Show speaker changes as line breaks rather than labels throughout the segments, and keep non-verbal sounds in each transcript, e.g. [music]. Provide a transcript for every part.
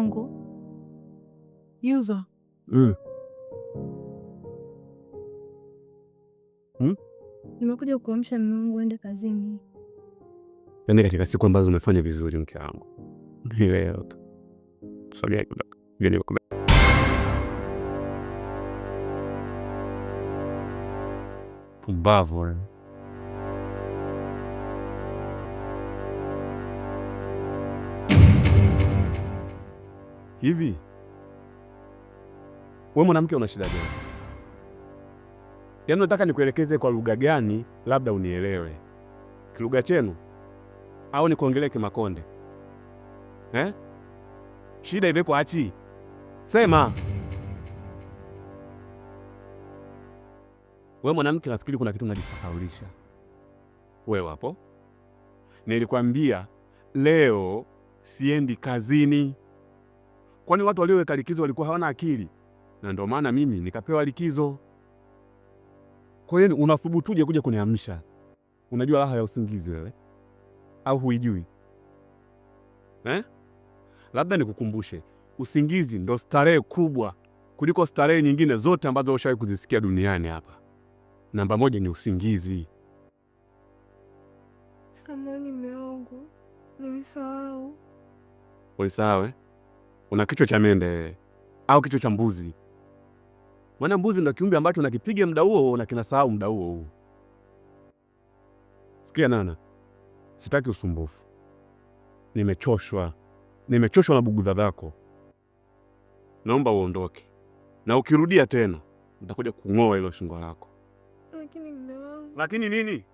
wangu Yuzo.
Mm. Hmm?
Nimekuja kuamsha mume wangu ende kazini.
Yaani katika siku ambazo umefanya vizuri mke wangu. Ni Pumbavu. Eh. Hivi we mwanamke, una shida gani? Yaani nataka nikuelekeze kwa lugha gani, labda unielewe. Kilugha chenu au nikuongelee Kimakonde eh? Shida ive kwa achi, sema we mwanamke. Nafikiri kuna kitu najisahaulisha. We wapo, nilikwambia leo siendi kazini kwani watu walioweka likizo walikuwa hawana akili, na ndio maana mimi nikapewa likizo. Kwa hiyo yaani unathubutuje kuja kuniamsha? Unajua raha ya usingizi wewe, au huijui eh? Labda nikukumbushe, usingizi ndo starehe kubwa kuliko starehe nyingine zote ambazo ushawahi kuzisikia duniani hapa. Namba moja ni usingizi.
Samani mume wangu, nimesahau.
Ulisahau eh? una kichwa cha mende au kichwa cha mbuzi. Maana mbuzi ndio kiumbe ambacho nakipiga muda huo na kinasahau muda huo huo. Sikia Nana, sitaki usumbufu, nimechoshwa, nimechoshwa na bugudha zako. Naomba uondoke, na ukirudia tena nitakuja kung'oa hilo shingo lako.
Lakini no.
Lakini nini?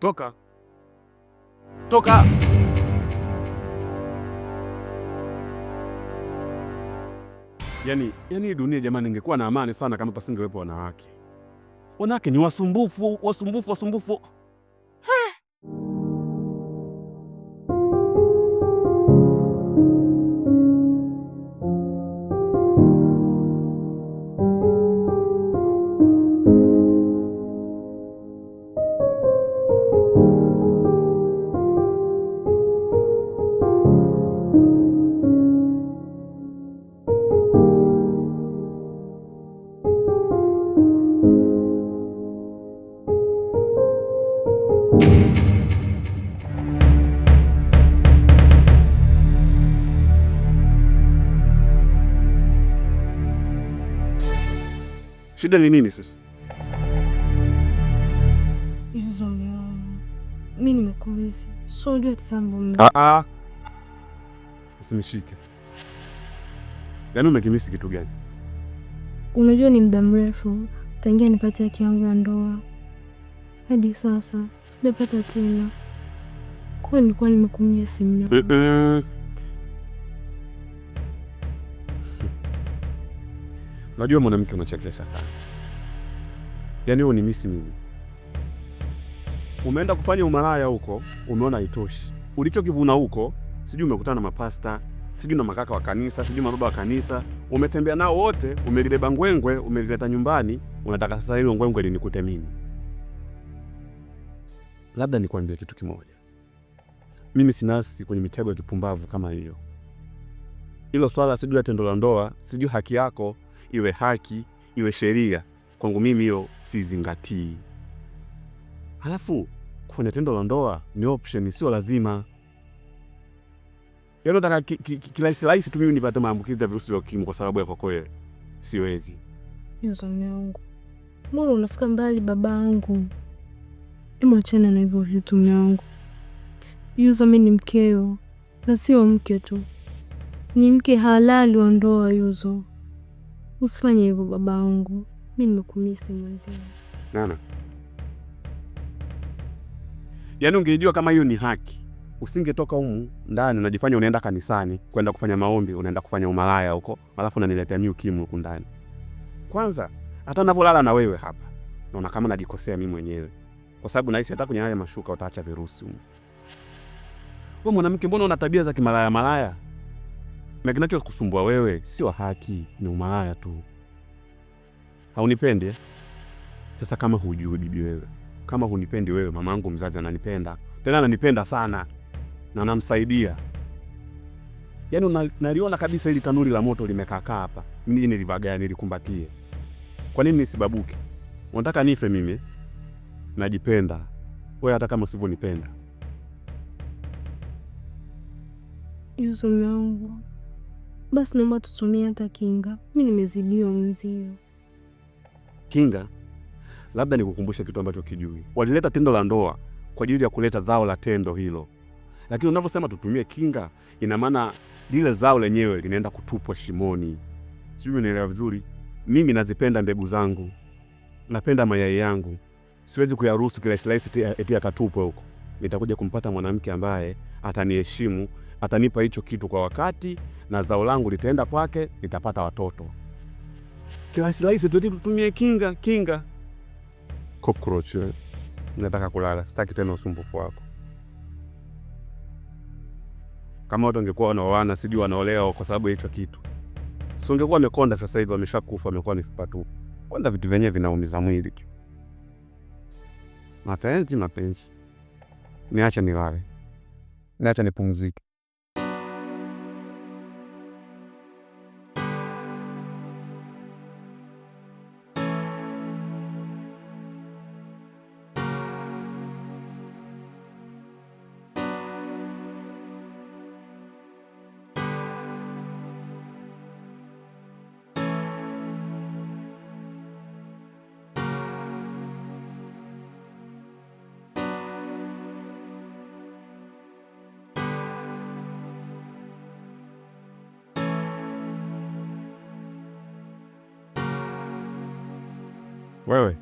Toka, toka. Yani, yani dunia jamani, ningekuwa na amani sana kama pasingewepo wanawake. Wanawake ni wasumbufu, wasumbufu, wasumbufu. Shida ni nini sasa?
Mimi nimekuuliza. Sio ndio tazambo mimi.
Ah ah. Usinishike. Yaani umekimisi kitu gani?
Unajua ni muda mrefu tangia nipate haki yangu ya ndoa hadi sasa sijapata tena, kwa nilikuwa nimekumia simu.
Eh, eh. Unajua mwanamke, unachekesha sana. Yaani wewe unimisi mimi. Umeenda kufanya umalaya huko, umeona haitoshi. Ulichokivuna huko, sijui umekutana na mapasta, sijui na makaka wa kanisa, sijui mababa wa kanisa, umetembea nao wote, umelibeba ngwengwe, umelileta nyumbani, unataka sasa hilo ngwengwe linikute mimi. Labda nikwambie kitu kimoja, mimi sinasi kwenye mitego ya kipumbavu kama hiyo. Hilo swala sijui ya tendo la ndoa, sijui haki yako iwe haki iwe sheria, kwangu mimi hiyo sizingatii. Halafu kufanya tendo la ndoa ni option, sio lazima. Yaani nataka kirahisi rahisi tu mimi nipate maambukizi ya virusi vya UKIMWI kwa sababu ya kokoe, siwezi.
Mzanangu, mbona unafika mbali babangu? Hebu chana na hivyo vitu mwanangu. Yuzo mimi ni mkeo na sio mke tu, ni mke halali wa ndoa Yuzo. Usifanye hivyo baba wangu, mi nimekumisi mwenzenu.
Nana, yaani ungejua kama hiyo ni haki usingetoka humu ndani unajifanya unaenda kanisani kwenda kufanya maombi, unaenda kufanya umalaya huko, alafu unaniletea mimi ukimwi huku ndani. Kwanza hata navyolala na wewe hapa naona kama najikosea mimi mwenyewe, kwa sababu nahisi hata kwenye haya mashuka utaacha virusi humu. Wewe mwanamke, mbona una tabia za kimalaya malaya, malaya? na kinachokusumbua wewe sio haki, ni umalaya tu. Haunipendi sasa? Kama hujui bibi wewe, kama hunipendi wewe, mama yangu mzazi ananipenda, tena ananipenda sana na anamsaidia. Yaani naliona kabisa hili tanuri la moto limekaakaa hapa, mimi nilivagaya, nilikumbatie. Kwa nini nisibabuke? Unataka nife mimi? Najipenda wewe, hata kama usivyonipenda.
Izo langu basi naomba tutumie hata kinga, mi nimezidiwa mwenzio.
Kinga? Labda nikukumbushe kitu ambacho kijui. Walileta tendo la ndoa kwa ajili ya kuleta zao la tendo hilo, lakini unavyosema tutumie kinga, ina maana lile zao lenyewe linaenda kutupwa shimoni. Sijui naelewa vizuri. Mimi nazipenda mbegu zangu, napenda mayai yangu, siwezi kuyaruhusu kirahisirahisi rahisi eti akatupwe huko. Nitakuja kumpata mwanamke ambaye ataniheshimu atanipa hicho kitu kwa wakati na zao langu litaenda kwake, nitapata watoto. Kirahisi rahisi tu, tutumie kinga kinga. Cockroach, eh? nataka kulala, sitaki tena usumbufu wako. Kama watu wangekuwa wanaoana, sijui wanaolewa kwa sababu ya hicho kitu, si ungekuwa amekonda sasa hivi, wameshakufa, wamekuwa mifupa tu. Kwanza vitu vyenyewe vinaumiza mwili. tu. Mapenzi mapenzi, niache nilale, niache nipumzike. Wewe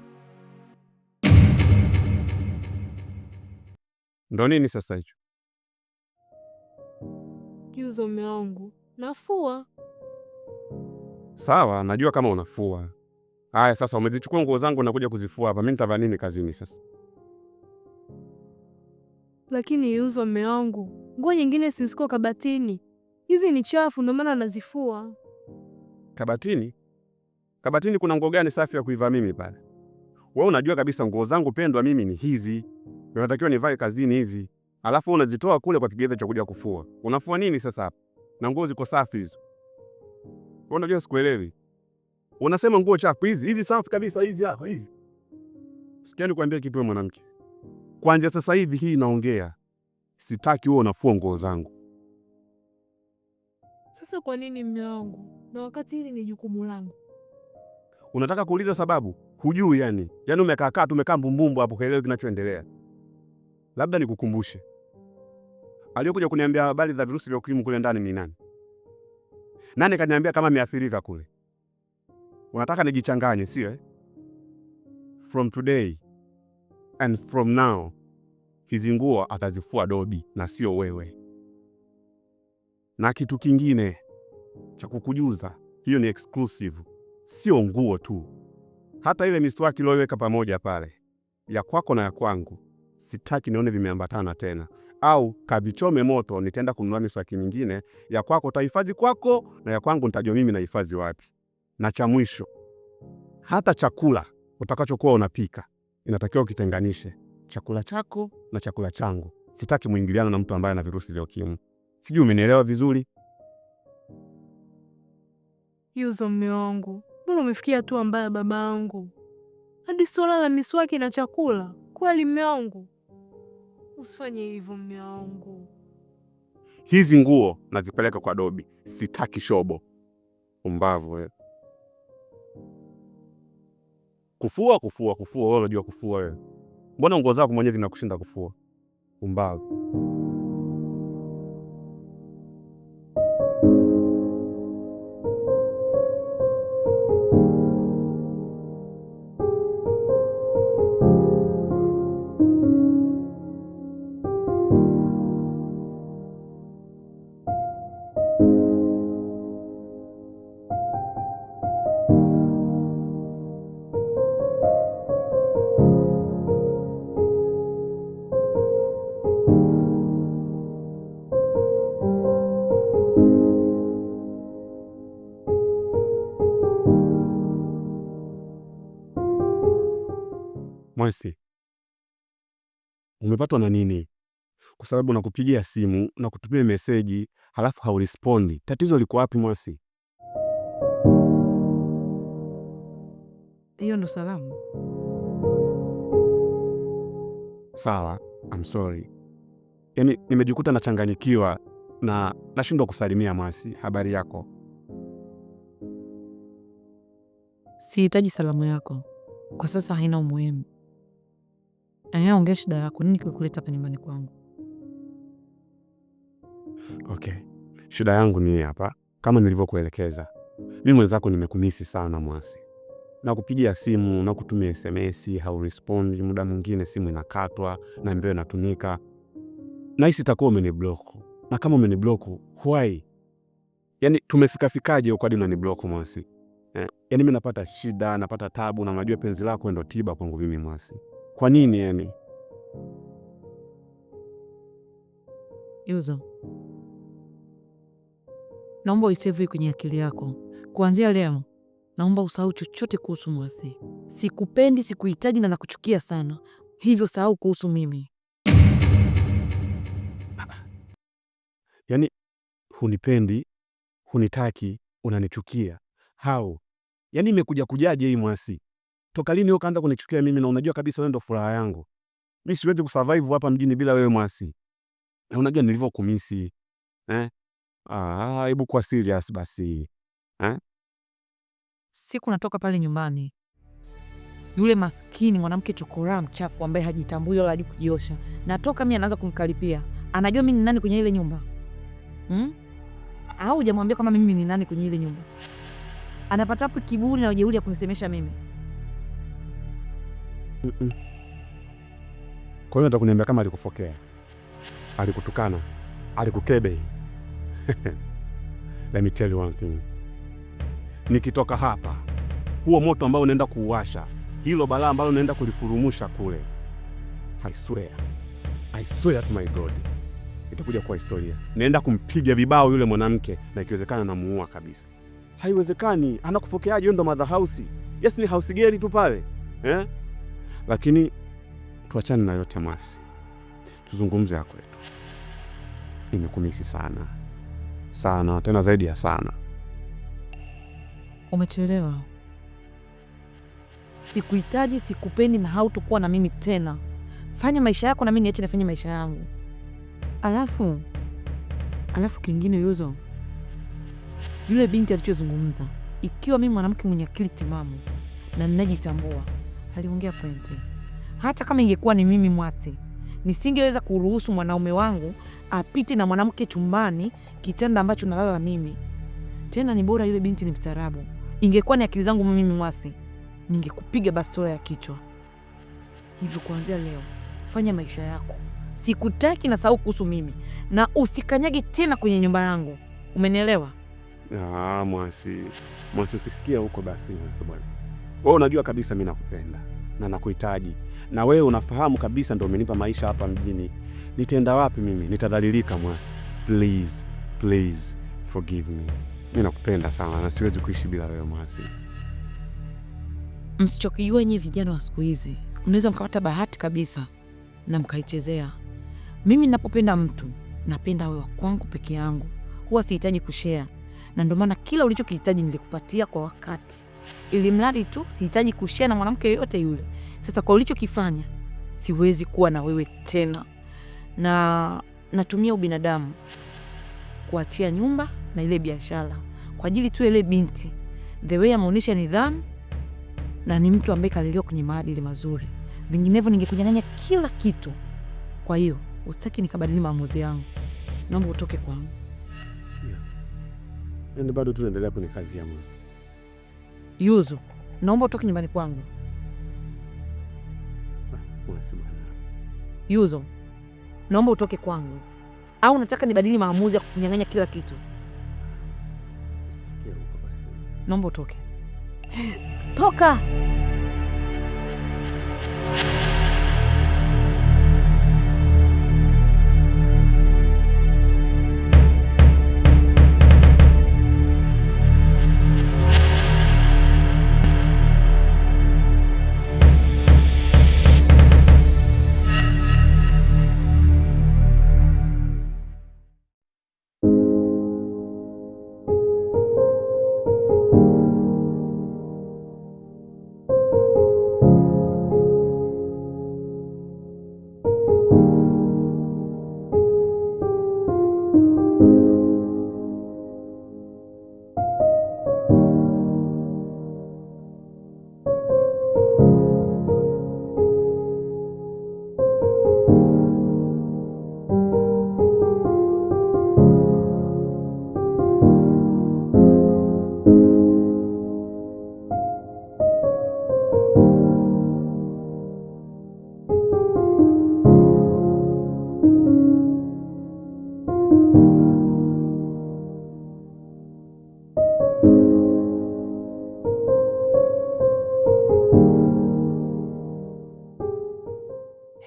ndo nini sasa hicho?
Juzo meangu nafua.
Sawa, najua kama unafua. Haya, sasa umezichukua nguo zangu nakuja kuzifua hapa, mi nitavaa nini kazini sasa?
Lakini Yuzo meangu nguo nyingine siziko kabatini, hizi ni chafu, ndio maana nazifua
kabatini kabatini kuna nguo gani safi ya kuivaa mimi pale? Wewe unajua kabisa nguo zangu pendwa mimi ni hizi, natakiwa nivae kazini hizi, alafu unazitoa kule kwa kigeza cha kuja kufua. Unafua nini sasa hapa? Na nguo ziko safi hizo. Wewe unajua sikuelewi. Unasema nguo chafu hizi, hizi safi kabisa hizi hapa hizi. Sikia nikwambie kitu wewe mwanamke. Kwanza sasa hivi hii naongea. Sitaki wewe unafua nguo zangu.
Sasa kwa nini mume wangu? Na wakati hili ni jukumu langu
unataka kuuliza sababu hujui, yani yani umekaa kaa tumekaa mbumbumbu hapo, kaelewe kinachoendelea. Labda nikukumbushe aliyokuja kuniambia habari za virusi vya ukimwi kule ndani ni nani? Nani kaniambia kama ameathirika kule? Unataka nijichanganye, sio eh? From today and from now hizi nguo atazifua Dobi na sio wewe. Na kitu kingine cha kukujuza, hiyo ni exclusive sio nguo tu, hata ile miswaki iliyoweka pamoja pale ya kwako na ya kwangu, sitaki nione vimeambatana tena, au kavichome moto, nitaenda kununua miswaki mingine. Ya kwako utahifadhi kwako, na ya kwangu nitajua mimi nahifadhi wapi. Na cha mwisho, hata chakula utakachokuwa unapika inatakiwa ukitenganishe chakula chako na chakula changu. Sitaki mwingiliano na mtu ambaye ana virusi vya UKIMWI. Sijui umenielewa vizuri,
Yuzo mme wangu mbona umefikia hatua mbaya baba yangu? Hadi swala la miswaki na chakula kweli? Mme wangu, usifanye hivyo mme wangu.
Hizi nguo nazipeleka kwa Dobi, sitaki shobo. Umbavu wewe! Kufua kufua kufua, wewe unajua kufua wewe? Mbona nguo zako mwenyewe zinakushinda kufua? Umbavu! Mwesi, umepatwa na nini? Kwa sababu nakupigia simu na kutumia meseji halafu haurespondi. Tatizo liko wapi Mwasi?
Hiyo ndo salamu?
Sawa, I'm sorry. Yaani nimejikuta nachanganyikiwa na nashindwa kusalimia. Mwasi, habari yako?
Sihitaji salamu yako kwa sasa, haina umuhimu. Eh, Aya, ongea shida yako. Nini kikuleta hapa nyumbani kwangu?
Okay, shida yangu ni hapa, kama nilivyokuelekeza. Mimi mwenzako nimekumisi sana Mwasi, nakupigia simu nakutumia SMS haurespondi, muda mwingine simu inakatwa na mbeo inatumika. Nahisi itakuwa umeniblock, na kama umeniblock why? Yani tumefikafikaje huko hadi unaniblock Mwasi eh? Yani mimi napata shida, napata tabu, na najua penzi lako ndio tiba kwangu mimi Mwasi. Kwa nini yani?
Yuzo, naomba uisevui kwenye akili yako. Kuanzia leo naomba usahau chochote kuhusu Mwasi. Sikupendi, sikuhitaji na nakuchukia sana, hivyo sahau kuhusu mimi.
yani hunipendi, hunitaki, unanichukia hao? Yaani imekuja kujaje hii Mwasi? Toka lini wewe kaanza kunichukia mimi na unajua kabisa wewe ndo furaha yangu. Mimi siwezi kusurvive hapa mjini bila wewe Mwasi. Na eh, unajua nilivyokumisi. Eh? Ah, hebu kwa serious basi. Eh?
Siku natoka pale nyumbani. Yule maskini mwanamke chokora mchafu ambaye hajitambui wala hajui kujiosha. Natoka mimi anaanza kunikaripia. Anajua mimi ni nani kwenye ile nyumba. Hmm? Au hujamwambia kama mimi ni nani kwenye ile nyumba? Anapata hapo kiburi na ujeuri ya kunisemesha mimi.
Mm -mm. Kwa hiyo nataka kuniambia kama alikufokea, alikutukana, alikukebe [laughs] Let me tell you one thing. Nikitoka hapa, huo moto ambao unaenda kuuwasha, hilo balaa ambalo unaenda kulifurumusha kule, I swear, I swear to my God, itakuja kuwa historia. Naenda kumpiga vibao yule mwanamke, na ikiwezekana namuua kabisa. Haiwezekani, anakufokeaje? Ndo hausi Yes, ni house girl tu pale eh? Lakini tuachane na yote Mwasi, tuzungumze ya kwetu. Nimekumisi sana sana, tena zaidi ya sana.
Umechelewa, sikuhitaji, sikupendi na hautokuwa na mimi tena. Fanya maisha yako na mimi niache nafanya maisha yangu. Alafu alafu kingine, Yuzo, yule binti alichozungumza, ikiwa mimi mwanamke mwenye akili timamu na ninajitambua aliongea pointi. Hata kama ingekuwa ni mimi Mwasi, nisingeweza kuruhusu mwanaume wangu apite na mwanamke chumbani, kitanda ambacho nalala mimi. Tena ni bora yule binti ni mstaarabu. Ingekuwa ni akili zangu mimi Mwasi, ningekupiga bastola ya kichwa. Hivyo kuanzia leo fanya maisha yako, sikutaki na sahau kuhusu mimi, na usikanyage tena kwenye nyumba yangu, umenielewa?
Ah, mwasi, Mwasi, usifikia huko basi bwana wewe unajua kabisa mimi nakupenda na nakuhitaji, na wewe unafahamu kabisa ndio umenipa maisha hapa mjini. Nitaenda wapi mimi? Nitadhalilika Mwasi? Please, please forgive me. Mimi nakupenda sana na siwezi kuishi bila wewe Mwasi.
Msichokijua nyie vijana wa siku hizi, unaweza mkapata bahati kabisa na mkaichezea. Mimi ninapopenda mtu napenda wewe kwangu peke yangu, huwa sihitaji kushare, na ndio maana kila ulichokihitaji nilikupatia kwa wakati ili mradi tu sihitaji kushia na mwanamke yoyote yule. Sasa kwa ulichokifanya, siwezi kuwa na wewe tena, na natumia ubinadamu kuachia nyumba na ile biashara kwa ajili tu ile binti. The way ameonyesha nidhamu na ni mtu ambaye kalelewa kwenye maadili mazuri, vinginevyo ningekunyang'anya kila kitu. Kwa hiyo usitaki nikabadili maamuzi yangu, naomba utoke kwangu.
Yeah. Yaani bado tunaendelea kwenye kazi ya
Yuzu, naomba utoke nyumbani kwangu. Ah, Yuzo, naomba utoke kwangu, au nataka nibadili maamuzi ya kunyang'anya kila kitu? Naomba utoke. Toka.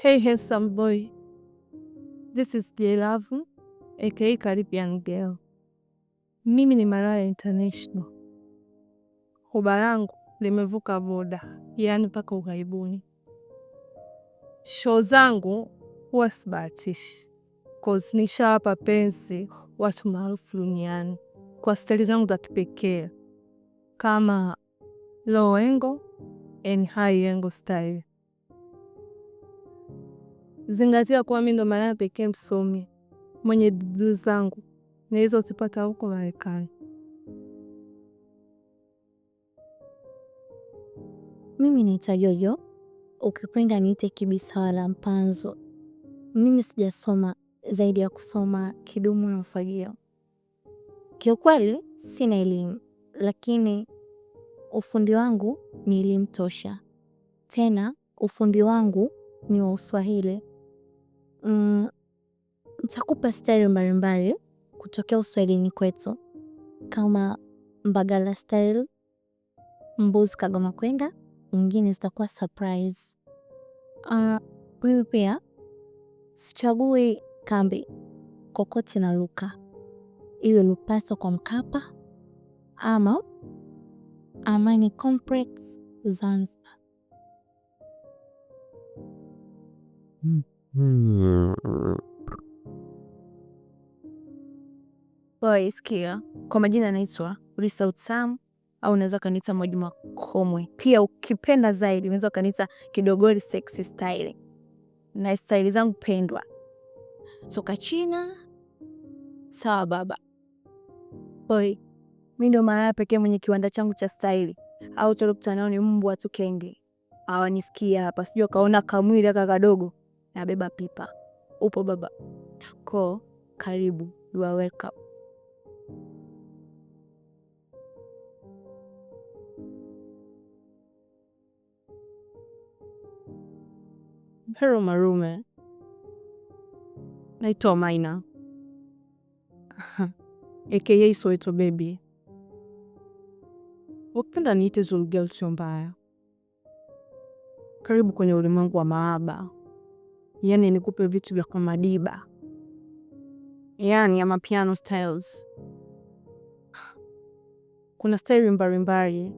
Hey handsome boy. This is Jaylavu aka Caribbean Girl. Mimi ni Malaya International. Huba yangu limevuka boda, yaani mpaka ughaibuni. Show zangu huwa sibahatishi, cause nishawapa penzi watu maarufu duniani kwa stali zangu za kipekee kama low angle and high angle style. Zingatia kuwa mimi ndo malaya pekee msomi mwenye digrii zangu usipata huko Marekani.
Mimi naitwa Jojo, ukipenda niite kibisawala Mpanzo. Mimi sijasoma zaidi ya kusoma kidumu na ufagio. Kiukweli sina elimu, lakini ufundi wangu ni elimu tosha. Tena ufundi wangu ni wa Uswahili Mm, Ntakupa stari mbalimbali kutokea uswahilini kwetu kama Mbagala style, mbuzi kagoma Kwenga, nyingine zitakuwa surprise. Ah, mimi pia sichagui kambi kokote na luka, iwe lupaso kwa Mkapa ama Amani Complex Zanzibar. Hmm.
Hmm. kwa majina anaitwa Ulisa au unaweza ukaniita Mwajuma Komwe. Pia ukipenda zaidi unaweza ukaniita Kidogori Sexy Style, na staili zangu pendwa soka China. Sawa baba.
Poi, mi ndo mara pekee mwenye kiwanda changu cha staili, au tolokutana nao ni mbwa tu kenge, awanisikia hapa, sijui akaona kamwili aka kadogo nabeba pipa. Upo baba ko, karibu, you are welcome.
Hero Marume, naitwa Maina aka [laughs] Soweto baby. Wakipenda niite Zulu girl, sio mbaya. Karibu kwenye ulimwengu wa maaba yani nikupe vitu vya kwa madiba, yani ya mapiano styles. [sighs] Kuna staili mbalimbali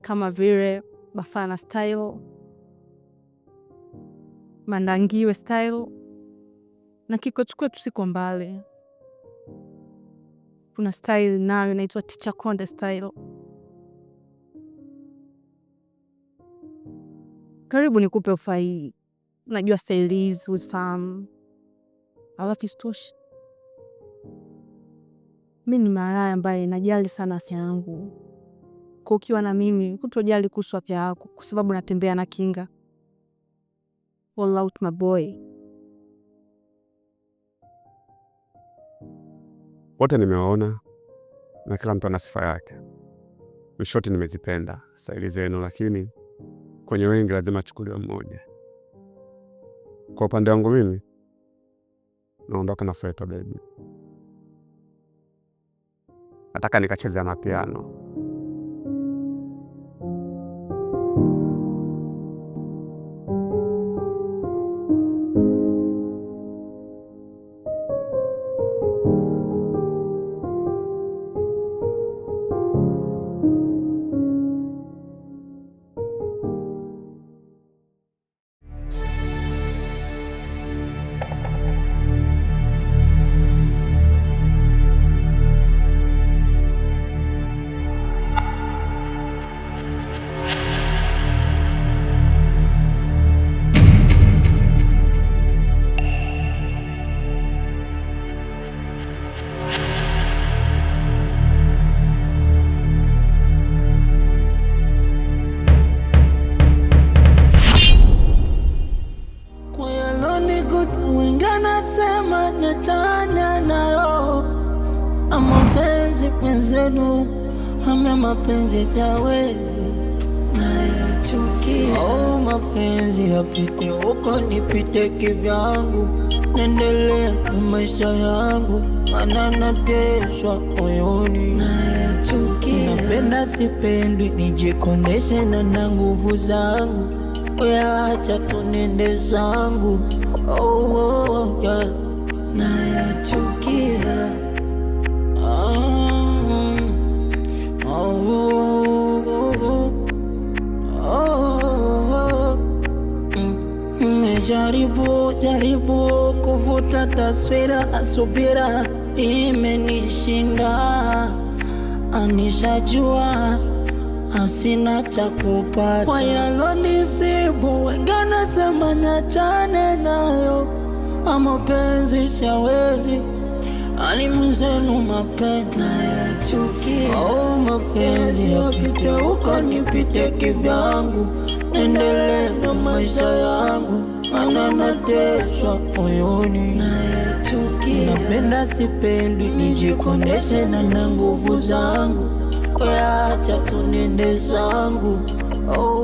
kama vile Bafana style, Mandangiwe style na kikwetu kwetu siko mbali. Kuna style nayo inaitwa Ticha Konde style. Karibu nikupe ufaihi. Najua staili alafu istoshi mi ni maraya ambaye najali sana afya yangu, kwa ukiwa na mimi kutojali kuhusu afya yako, kwa sababu natembea na kinga. All out my boy.
Wote nimewaona na kila mtu ana sifa yake. Mishoti nimezipenda staili zenu, lakini kwenye wengi lazima achukuliwe mmoja. Kwa upande wangu mimi naondoka na sweta baby, nataka nikacheze amapiano.
mapenzi mwenzenu ama mapenzi tawezi nayachukia. Oh, mapenzi yapite huko nipite kivyangu, nendelea na maisha yangu, mana nateswa moyoni nayachukia. Napenda sipendwi, nijikondeshe na na nguvu zangu, weacha tunende zangu. Oh, oh, oh, yeah. nayachukia Jaribu jaribu kuvuta taswira, subira imenishinda, anishajua asina cha kupata kwa nisibu wengana sema niachane nayo, amapenzi chawezi alimzenu mapena ya chuki au oh, mapenzi yapite, uko nipite kivyangu, nendelee na maisha yangu maana nateswa moyoni, napenda sipendi, nijikondeshe na nguvu zangu, weacha tunende zangu oh.